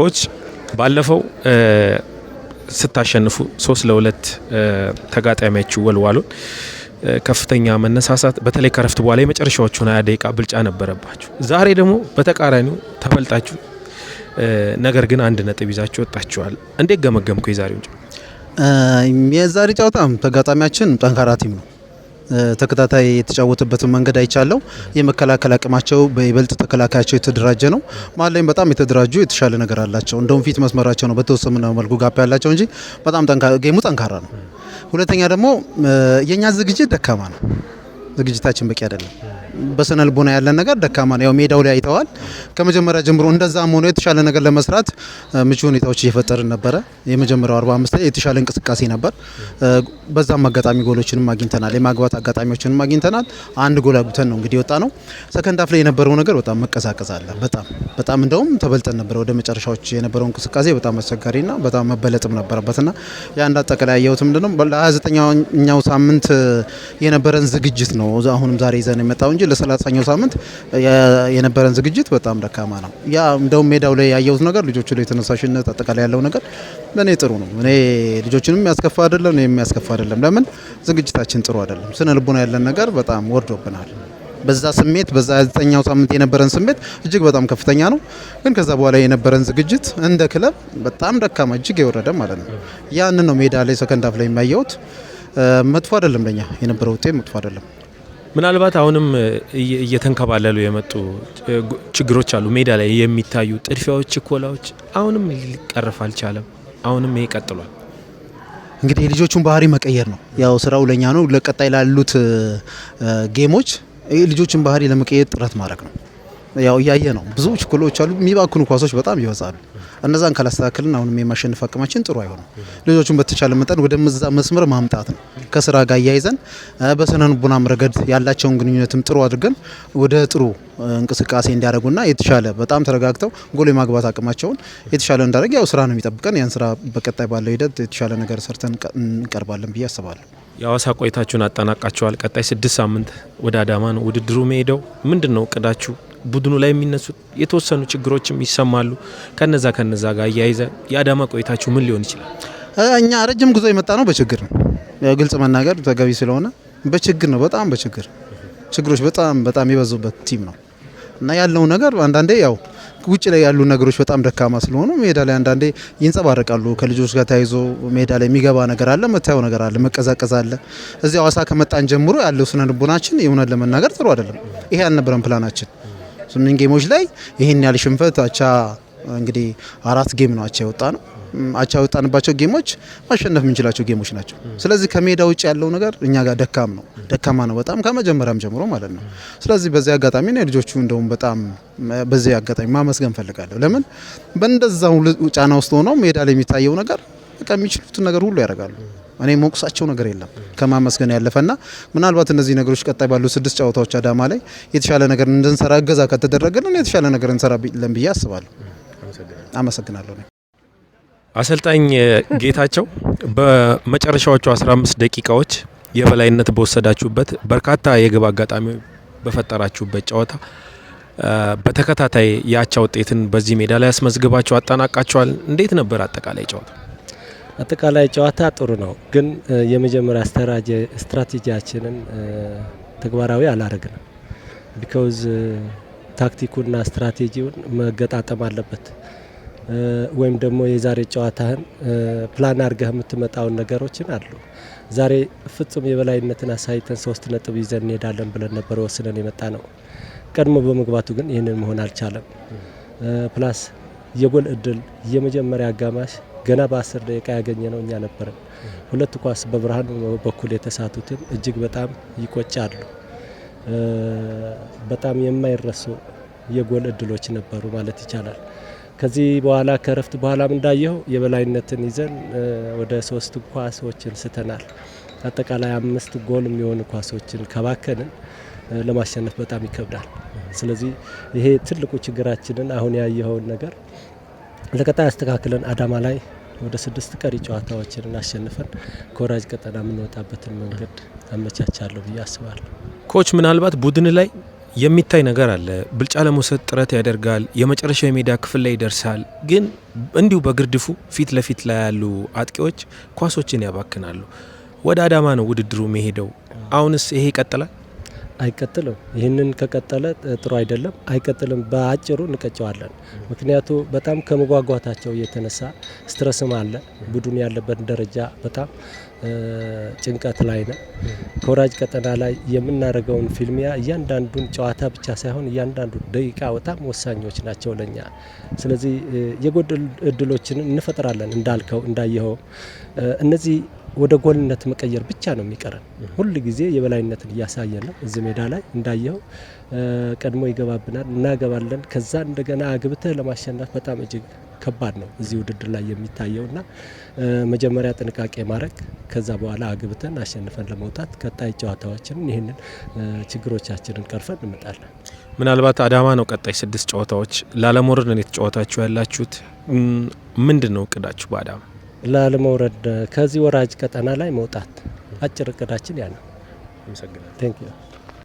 ኮች ባለፈው ስታሸንፉ ሶስት ለሁለት ተጋጣሚያችሁ ወልዋሉን ከፍተኛ መነሳሳት በተለይ ከረፍት በኋላ የመጨረሻዎቹን ሀያ ደቂቃ ብልጫ ነበረባችሁ። ዛሬ ደግሞ በተቃራኒው ተበልጣችሁ፣ ነገር ግን አንድ ነጥብ ይዛችሁ ወጣችኋል። እንዴት ገመገምኩ የዛሬውን ጨዋታ? የዛሬ ጨዋታም ተጋጣሚያችን ጠንካራ ቲም ነው ተከታታይ የተጫወተበትን መንገድ አይቻለው። የመከላከል አቅማቸው በይበልጥ ተከላካያቸው የተደራጀ ነው። መሀል ላይም በጣም የተደራጁ የተሻለ ነገር አላቸው። እንደውም ፊት መስመራቸው ነው በተወሰነ መልኩ ጋፕ ያላቸው እንጂ በጣም ጌሙ ጠንካራ ነው። ሁለተኛ ደግሞ የእኛ ዝግጅት ደካማ ነው። ዝግጅታችን በቂ አይደለም። በስነ ልቦና ያለን ነገር ደካማ ነው። ያው ሜዳው ላይ አይተዋል። ከመጀመሪያ ጀምሮ እንደዛም ሆኖ የተሻለ ነገር ለመስራት ምቹ ሁኔታዎች እየፈጠርን ነበረ። የመጀመሪያው 45 ላይ የተሻለ እንቅስቃሴ ነበር። በዛም አጋጣሚ ጎሎችንም አግኝተናል፣ የማግባት አጋጣሚዎችንም አግኝተናል። አንድ ጎል አግብተን ነው እንግዲህ ወጣ ነው። ሰከንድ ሀፍ ላይ የነበረው ነገር በጣም መቀዛቀዝ አለ። በጣም በጣም እንደውም ተበልጠን ነበረ። ወደ መጨረሻዎች የነበረው እንቅስቃሴ በጣም አስቸጋሪና በጣም መበለጥም ነበረበትና ያ እንደ አጠቃላይ ያየሁት ምንድነው ለ 29 ኛው ሳምንት የነበረን ዝግጅት ነው አሁንም ዛሬ ይዘን የመጣው እንጂ ለሰላሳኛው ሳምንት የነበረን ዝግጅት በጣም ደካማ ነው። ያ እንደውም ሜዳው ላይ ያየሁት ነገር ልጆቹ ላይ ተነሳሽነት፣ አጠቃላይ ያለው ነገር ለኔ ጥሩ ነው። እኔ ልጆችንም ያስከፋ አይደለም፣ እኔም የሚያስከፋ አይደለም። ለምን ዝግጅታችን ጥሩ አይደለም። ስነ ልቡና ያለን ነገር በጣም ወርዶብናል። በዛ ስሜት በዛ ዘጠኛው ሳምንት የነበረን ስሜት እጅግ በጣም ከፍተኛ ነው። ግን ከዛ በኋላ የነበረን ዝግጅት እንደ ክለብ በጣም ደካማ እጅግ የወረደ ማለት ነው። ያንን ነው ሜዳ ላይ ሰከንድ ሀፍ ላይ የሚያየሁት። መጥፎ አይደለም ለኛ የነበረው ውጤት መጥፎ አይደለም። ምናልባት አሁንም እየተንከባለሉ የመጡ ችግሮች አሉ። ሜዳ ላይ የሚታዩ ጥድፊያዎች፣ ችኮላዎች አሁንም ሊቀረፍ አልቻለም። አሁንም ይሄ ቀጥሏል። እንግዲህ የልጆቹን ባህሪ መቀየር ነው ያው ስራው ለእኛ ነው። ለቀጣይ ላሉት ጌሞች ልጆችን ባህሪ ለመቀየር ጥረት ማድረግ ነው። ያው እያየ ነው። ብዙ ችኩሎች አሉ። የሚባክኑ ኳሶች በጣም ይበዛሉ። እነዛን ካላስተካከልን አሁንም የማሸነፍ አቅማችን ጥሩ አይሆንም። ልጆቹን በተቻለ መጠን ወደ ምዛ መስመር ማምጣት ነው። ከስራ ጋር እያይዘን በስነ ልቦናም ረገድ ያላቸውን ግንኙነትም ጥሩ አድርገን ወደ ጥሩ እንቅስቃሴ እንዲያደርጉና የተሻለ በጣም ተረጋግተው ጎል የማግባት አቅማቸውን የተሻለ እንዳደረግ ያው ስራ ነው የሚጠብቀን። ያን ስራ በቀጣይ ባለው ሂደት የተሻለ ነገር ሰርተን እንቀርባለን ብዬ አስባለሁ። የአዋሳ ቆይታችሁን አጠናቃችኋል። ቀጣይ ስድስት ሳምንት ወደ አዳማ ነው ውድድሩ መሄደው። ምንድን ነው እቅዳችሁ? ቡድኑ ላይ የሚነሱ የተወሰኑ ችግሮችም ይሰማሉ። ከነዛ ከነዛ ጋር እያይዘ የአዳማ ቆይታችሁ ምን ሊሆን ይችላል? እኛ ረጅም ጉዞ የመጣ ነው በችግር ነው። ግልጽ መናገር ተገቢ ስለሆነ በችግር ነው። በጣም በችግር ችግሮች በጣም በጣም የበዙበት ቲም ነው እና ያለው ነገር አንዳንዴ ያው ውጭ ላይ ያሉ ነገሮች በጣም ደካማ ስለሆኑ ሜዳ ላይ አንዳንዴ ይንጸባረቃሉ። ከልጆች ጋር ተያይዞ ሜዳ ላይ የሚገባ ነገር አለ፣ መታየው ነገር አለ፣ መቀዛቀዝ አለ። እዚህ አዋሳ ከመጣን ጀምሮ ያለው ስነ ልቦናችን የሆነ ለመናገር ጥሩ አይደለም። ይሄ አልነበረን ፕላናችን ስምንት ጌሞች ላይ ይህን ያህል ሽንፈት አቻ እንግዲህ አራት ጌም ነው አቻ የወጣ ነው። አቻ የወጣንባቸው ጌሞች ማሸነፍ የምንችላቸው ጌሞች ናቸው። ስለዚህ ከሜዳ ውጭ ያለው ነገር እኛ ጋር ደካም ነው ደካማ ነው በጣም ከመጀመሪያም ጀምሮ ማለት ነው። ስለዚህ በዚህ አጋጣሚ ነው ልጆቹ እንደውም በጣም በዚህ አጋጣሚ ማመስገን ፈልጋለሁ። ለምን በእንደዛው ጫና ውስጥ ሆነው ሜዳ ላይ የሚታየው ነገር በቃ የሚችሉትን ነገር ሁሉ ያደርጋሉ። እኔ ሞቅሳቸው ነገር የለም ከማመስገን ያለፈና ምናልባት እነዚህ ነገሮች ቀጣይ ባሉ ስድስት ጨዋታዎች አዳማ ላይ የተሻለ ነገር እንድንሰራ እገዛ ከተደረገልን የተሻለ ነገር እንሰራለን ብዬ አስባለሁ። አመሰግናለሁ። አሰልጣኝ ጌታቸው በመጨረሻዎቹ 15 ደቂቃዎች የበላይነት በወሰዳችሁበት በርካታ የግብ አጋጣሚ በፈጠራችሁበት ጨዋታ በተከታታይ የአቻ ውጤትን በዚህ ሜዳ ላይ አስመዝግባቸው አጠናቃችኋል። እንዴት ነበር አጠቃላይ ጨዋታ? አጠቃላይ ጨዋታ ጥሩ ነው፣ ግን የመጀመሪያ ስትራቴጂያችንን ተግባራዊ አላደረግንም። ቢካውዝ ታክቲኩና ስትራቴጂውን መገጣጠም አለበት። ወይም ደግሞ የዛሬ ጨዋታህን ፕላን አድርገህ የምትመጣውን ነገሮችን አሉ። ዛሬ ፍጹም የበላይነትን አሳይተን ሶስት ነጥብ ይዘን እንሄዳለን ብለን ነበር ወስነን የመጣ ነው። ቀድሞ በመግባቱ ግን ይህንን መሆን አልቻለም። ፕላስ የጎል እድል የመጀመሪያ አጋማሽ ገና በአስር ደቂቃ ያገኘ ነው እኛ ነበረን። ሁለት ኳስ በብርሃን በኩል የተሳቱትን እጅግ በጣም ይቆጫሉ። በጣም የማይረሱ የጎል እድሎች ነበሩ ማለት ይቻላል። ከዚህ በኋላ ከረፍት በኋላም እንዳየው የበላይነትን ይዘን ወደ ሶስት ኳሶችን ስተናል። አጠቃላይ አምስት ጎል የሚሆኑ ኳሶችን ከባከንን ለማሸነፍ በጣም ይከብዳል። ስለዚህ ይሄ ትልቁ ችግራችንን አሁን ያየኸውን ነገር ለቀጣይ አስተካክለን አዳማ ላይ ወደ ስድስት ቀሪ ጨዋታዎችን አሸንፈን ከወራጅ ቀጠና የምንወጣበትን መንገድ አመቻቻለሁ ብዬ አስባለሁ። ኮች ምናልባት ቡድን ላይ የሚታይ ነገር አለ። ብልጫ ለመውሰድ ጥረት ያደርጋል፣ የመጨረሻ የሜዳ ክፍል ላይ ይደርሳል። ግን እንዲሁ በግርድፉ ፊት ለፊት ላይ ያሉ አጥቂዎች ኳሶችን ያባክናሉ። ወደ አዳማ ነው ውድድሩ የሚሄደው። አሁንስ ይሄ ይቀጥላል? አይቀጥልም። ይህንን ከቀጠለ ጥሩ አይደለም፣ አይቀጥልም። በአጭሩ እንቀጨዋለን። ምክንያቱ በጣም ከመጓጓታቸው የተነሳ ስትረስም አለ። ቡድን ያለበት ደረጃ በጣም ጭንቀት ላይ ነው። ከወራጅ ቀጠና ላይ የምናደርገውን ፊልሚያ እያንዳንዱን ጨዋታ ብቻ ሳይሆን እያንዳንዱ ደቂቃ በጣም ወሳኞች ናቸው ለኛ። ስለዚህ የጎደሉ እድሎችን እንፈጥራለን እንዳልከው እንዳየኸው እነዚህ ወደ ጎልነት መቀየር ብቻ ነው የሚቀረን። ሁል ጊዜ የበላይነትን እያሳየ ነው። እዚህ ሜዳ ላይ እንዳየው ቀድሞ ይገባብናል፣ እናገባለን። ከዛ እንደገና አግብተህ ለማሸነፍ በጣም እጅግ ከባድ ነው እዚህ ውድድር ላይ የሚታየው እና መጀመሪያ ጥንቃቄ ማድረግ ከዛ በኋላ አግብተን አሸንፈን ለመውጣት ቀጣይ ጨዋታዎችን ይህንን ችግሮቻችንን ቀርፈን እንመጣለን። ምናልባት አዳማ ነው ቀጣይ ስድስት ጨዋታዎች ላለመውረድ ነው የተጫወታችሁ ያላችሁት። ምንድን ነው እቅዳችሁ በአዳማ? ላለመውረድ ከዚህ ወራጅ ቀጠና ላይ መውጣት አጭር እቅዳችን ያ ነው። አመሰግናለሁ።